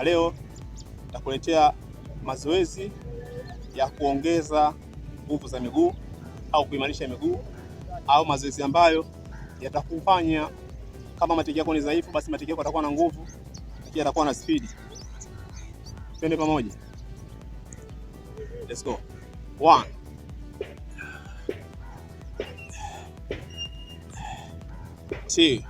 na leo nitakuletea mazoezi ya kuongeza nguvu za miguu au kuimarisha miguu au mazoezi ambayo yatakufanya kama mateke yako ni dhaifu, basi mateke yako yatakuwa na nguvu, pia yatakuwa na spidi. Twende pamoja, let's go one two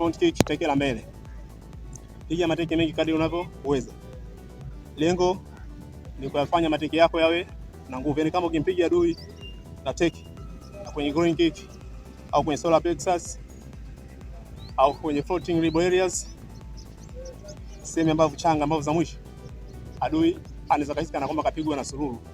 front kick, teke la mbele, piga mateke mengi kadri unavyoweza. Lengo ni kuyafanya mateke yako yawe na nguvu, yani kama ukimpiga adui na teke na kwenye groin kick au kwenye solar plexus au kwenye floating rib areas, sehemu ambavyo changa ambavyo za mwisho adui anaweza kaisi kana kwamba kapigwa na sururu.